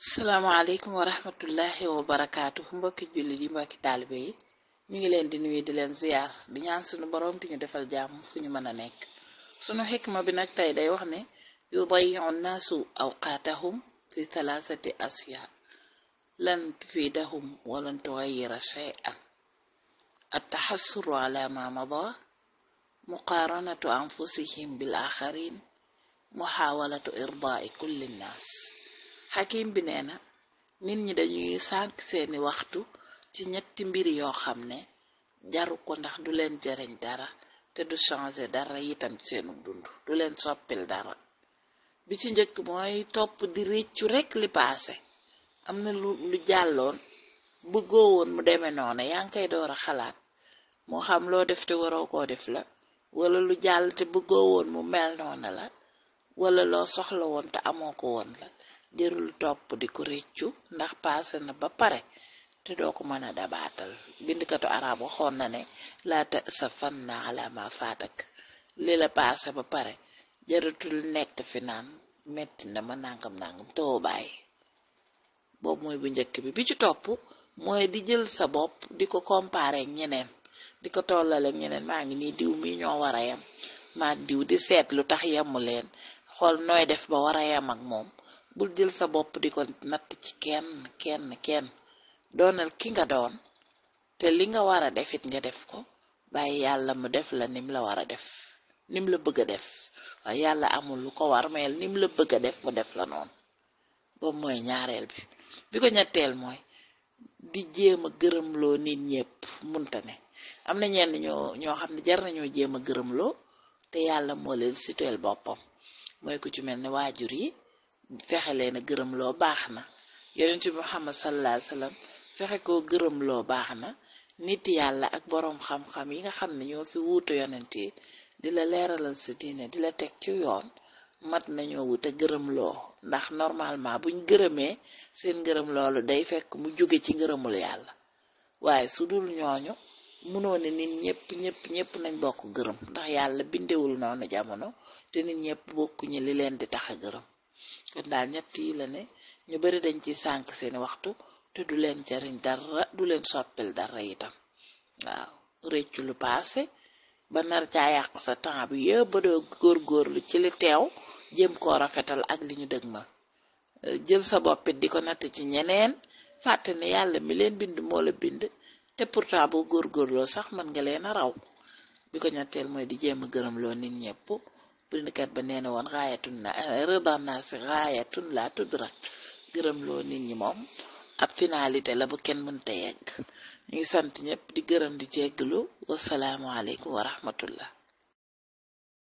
salaamaaleykum wa rahmatullahi wa barakaatu mbokki jullit yi mbokki taalibe yi ñu ngi leen di nuyu di leen ziyaar di ñaan suñu borom di ñu defal jàmm fu ñu mën a nekk sunu xikma bi nag tey day wax ne yudayiu naasu awqaatahum fi thalathati asya lan tufidahum walan tuxayira cheyan attaxassuru ala ma mada muqaaranatu anfusihim bil axarin muxaawalatu irdaai kulli nnaas xakim bi nee na nit ñi dañuy sànk seeni waxtu ci ñetti mbir yoo xam ne jaru ko ndax du leen jariñ dara te du changer dara itam seenu dund du leen soppil dara bi ci njëkk mooy topp di réccu rekk li paase am na lu lu jàlloon bëggoo woon mu demee noonu yaa ngi koy door a xalaat moo xam loo def te waroo koo def la wala lu jàll te bëggoo woon mu mel noonu la wala loo soxla woon te amoo ko woon la jërul topp di ko rëccu ndax paase na ba pare te doo ko mën a dabaatal bindkatu arab waxoon na ne laa ta sa fan na alama faatak li la paase ba pare jaratul nekk fi naan metti na ma nangam nangam too bàyyi boobu mooy bu njëkk bi bi ci topp mooy di jël sa bopp di ko comparer ñeneen di ko tollale ñeneen maa ngi nii diw mi ñoo war a yem maa diw di seet lu tax yemu leen xool nooy def ba war a yem ak moom bul jël sa bopp di ko natt ci kenn kenn kenn doonal ki nga doon te li nga war a def it nga def ko bàyyi yàlla mu def la nim la war a def nim la bëgg a def waaye yàlla amul lu ko war meel nim la bëgg a def mu def la noonu boobu mooy ñaareel bi bi ko ñetteel mooy di jéem a gërëmloo nit ñépp munta ne am na ñeen ñoo xam ne jar nañoo jéem a gërëmloo te yàlla moo leen situel boppam mooy ku ci ne waajur yi fexe leen a gërëm loo baax na yonent ci muhammad sallallahu alayhi fexe koo gërëm loo baax na nit yàlla ak boroom xam-xam yi nga xam ne ñoo fi wuutu yonent yi di la leeralal sa diine di la teg ci yoon mat nañoo wut a gërëm loo ndax normalement buñ gërëmee seen gërëm loolu day fekk mu jóge ci ngërëmul yàlla waaye su dul ñooñu mënoo ne nit ñëpp ñëpp ñëpp nañ bokk gërëm ndax yàlla bindewul noonu jamono te nit ñëpp bokkuñu li leen di tax a gërëm kon daal ñett yi la ne ñu bari dañ ci sànk seeni waxtu te du leen jariñ dara du leen soppil dara itam waaw réccu lu paase ba nar caa yàq sa temps bi yëpp ba doo góorgóorlu ci li teew jéem koo rafetal ak li ñu ma jël sa boppit di ko natt ci ñeneen fàtte yàlla mi leen bind moo la bind te pourtant boo góorloo sax mën nga leen a raw bi ko ñetteel mooy di jéem a gërëm loo nit ñëpp bindkat ba nee na woon raayatun na eh, rida naa si raayatun laa tudrat gërëm loo nit ñi moom ab finalité la bu kenn mënta yegg ñu ngi sant ñëpp di gërëm di jégglu wasalaamualeykum wa rahmatullah